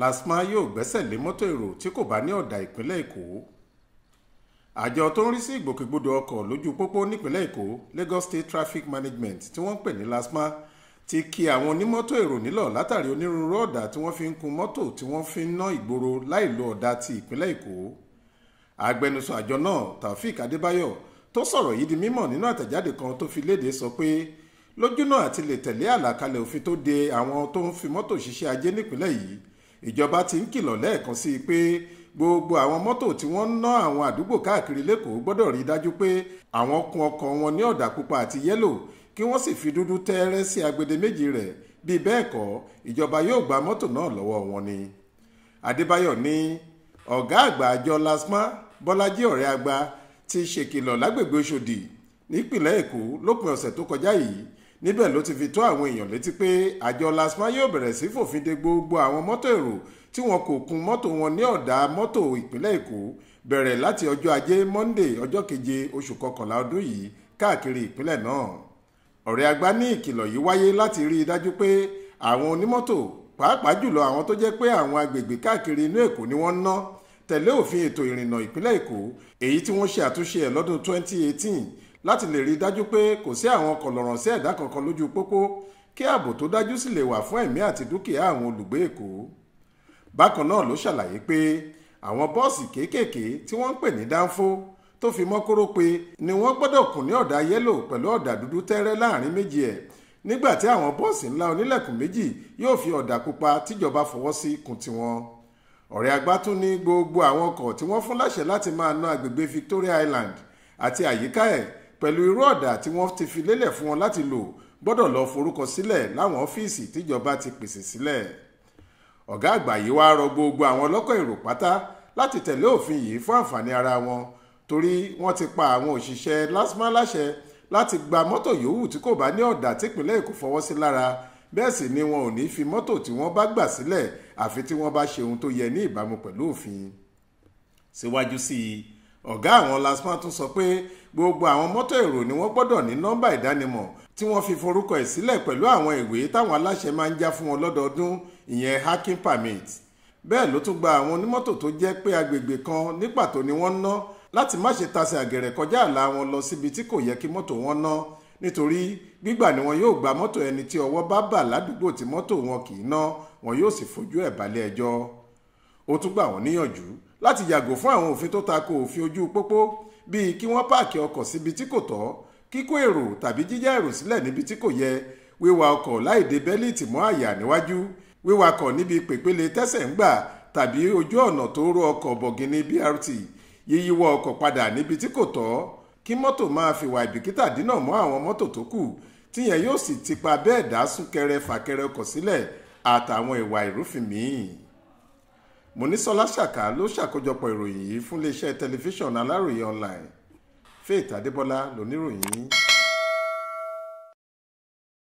lasma yóò gbẹ́sẹ̀ lé mọ́tò èrò tí kò bá ní ọ̀dà ìpínlẹ̀ èkó àjọ tó ń rí sí ìgbòkègbodò ọkọ̀ lójú pópó nípínlẹ̀ èkó lagos state traffic management tí wọ́n ń pè ní lasma ti kì àwọn onímọ́tò èrò nílọ̀ látàrí onírúurú ọ̀dà tí wọ́n fi ń kun mọ́tò tí wọ́n fi ń ná ìgboro láì lo ọ̀dà ti ìpínlẹ̀ èkó agbẹnusọ àjọ náà taofik adébáyọ̀ tó sọ̀rọ̀ yìí di mímọ̀ nínú àtẹ̀jáde kan tó fi léde sọ pé lójúnà àti lè tẹ̀lé àlàkalẹ̀ òfin tó de àwọn tó ń fi mọ́tò ṣiṣẹ́ ajé nípínlẹ̀ yìí ìjọba ti ń kìlọ̀ lẹ́ẹ̀kan sí i pé gbogbo àwọn mọ́tò tí wọ́n ń ná àwọn àdúgbò káàkiri lẹ́kọ̀ọ́ gbọ́dọ̀ rí dájú pé àwọn kùn ọkọ̀ wọn ní ọ̀dà pupa àti yẹ́lò kí wọ́n sì fi dúdú tẹ́ẹ́rẹ́ sí agbede méjì rẹ̀ bí bẹ́ẹ̀ kọ́ ìjọba yóò gba mọ́tò náà lọ́wọ́ wọn ni. Adébáyọ̀ ní ọ̀gá àgbà àjọ LASTMA Bọ́lájí ọ̀rẹ́ àgbà ti ṣèkìlọ̀ lágbègbè Ọ̀ṣọ́dì nípìnlẹ̀ Èkó lópin ọ̀sẹ̀ tó kọjá yìí níbẹ̀ ló ti fi tó àwọn èèyàn létí pé àjọ lasma yóò bẹ̀rẹ̀ sí fòfin de gbogbo àwọn mọ́tò èrò tí wọn kò kùn mọ́tò wọn ní ọ̀dà mọ́tò ìpínlẹ̀ èkó bẹ̀rẹ̀ láti ọjọ́ ajé monde ọjọ́ keje oṣù kọkànlá ọdún yìí káàkiri ìpínlẹ̀ náà ọ̀rẹ́ àgbà ní ìkìlọ̀ yìí wáyé láti rí i dájú pé àwọn onímọ́tò pàápàá jùlọ àwọn tó jẹ́ pé àwọn agbègbè káàkiri inú èkó ni wọ́n ń ná tẹ̀lé òfin ètò ìrìnnà ìpínlẹ̀ èkó èyí tí wọ́n ṣe àtúnṣe ẹ̀ lọ́dún 2018 láti lè rí i dájú pé kò sí àwọn kọ̀lọ̀rọ̀ sí ẹ̀dá kankan lójú pópó kí ààbò tó dájú sì lè wà fún ẹ̀mí àti dúkìá àwọn olùgbé Èkó bákan náà ló ṣàlàyé pé àwọn bọ́ọ̀sì kéékèèké tí wọ́n ń pè ní dánfó tó fi mọ́ kórópè ni wọ́n gbọ́dọ̀ kùn ní ọ̀dà yẹ́lò pẹ̀lú ọ̀dà dúdú tẹ́rẹ́ láàrin méjì ẹ̀ nígbà tí àwọn bọ́ọ̀sì ńlá onílẹ̀kùn méjì yóò fi ọ̀dà pupa tíjọba fọwọ́ sí kùn tiwọn ọ̀rẹ́ àgbà ní gbogbo àwọn ọkọ̀ tí wọ́n fún láṣẹ láti máa ná agbègbè Victoria Island àti àyíká ẹ̀ pẹ̀lú irú ọ̀dà tí wọ́n ti fi lélẹ̀ fún wọn láti lò gbọ́dọ̀ lọ forúkọ sílẹ̀ láwọn ọ́fíìsì tíjọba ti pèsè sílẹ̀ ọ̀gá àgbà yìí wá rọ gbogbo àwọn ọlọ́kọ̀ èrò pátá láti tẹ̀lé òfin yìí fún àǹfààní ara wọn torí wọ́n ti pa àwọn òṣìṣẹ́ LASTMA láṣẹ láti gba mọ́tò yòówù tí kò bá ní ọ̀dà típínlẹ̀ Èkó fọwọ́ sí lára bẹ́ẹ̀ sì ni wọn ò ní fi mọ́tò tí wọ́n bá gbà sílẹ̀ àfi tí wọ́n bá ṣe ohun tó yẹ ní ìbámu pẹ̀lú òfin síwájú sí i ọ̀gá àwọn lasma tún sọ pé gbogbo àwọn mọ́tò èrò ni wọ́n gbọ́dọ̀ ní nọ́mbà ìdánimọ̀ tí wọ́n fi forúkọ ẹ̀ sílẹ̀ pẹ̀lú àwọn ìwé táwọn aláṣẹ máa ń já fún wọn lọ́dọọdún ìyẹn hacking permit bẹ́ẹ̀ ló tún gba àwọn onímọ́tò tó jẹ́ pé agbègbè kan ní pàtó ni wọ́n ń ná láti má ṣe tasẹ̀ àgẹ̀rẹ̀ kọjá àlà wọn lọ síbi tí kò yẹ kí mọ́tò wọn ná nítorí gbígbà ni wọn yóò gba mọ́tò ẹni tí ọwọ́ bá bà ládùúgbò tí mọ́tò wọn kì í ná wọn yóò sì fojú ẹ̀ balẹ̀ ẹjọ́ ó tún gbà wọ́n níyànjú láti yàgò fún àwọn òfin tó tako òfin ojú pópó bíi kí wọ́n páàkì ọkọ̀ síbi tí kò tọ́ kíkó èrò tàbí jíjá èrò sílẹ̀ níbi tí kò yẹ wíwa ọkọ̀ láì dé bẹ́líìtì mọ́ àyà níwájú wíwakọ̀ níbi pèpéle tẹ́sẹ̀ ń gbà tàbí ojú ọ̀nà tó rọ ọkọ̀ bọ̀gìnì BRT yíyíwọ́ ọkọ̀ padà níbi tí kò tọ́ kí mọ́tò máa fìwà ìbìkítà dínà mọ́ àwọn mọ́tò tó kù tíyẹn yóò sì tipa bẹ́ẹ̀ dá súnkẹrẹ fàkẹrẹ ọkọ̀ sílẹ̀ àtàwọn ìwà ìrúfin míì mọ́nísọ́lá ṣàká ló ṣàkójọpọ̀ ìròyìn yìí fún iléeṣẹ́ tẹlifíṣàn aláròye online faith adébọlá lóníròyìn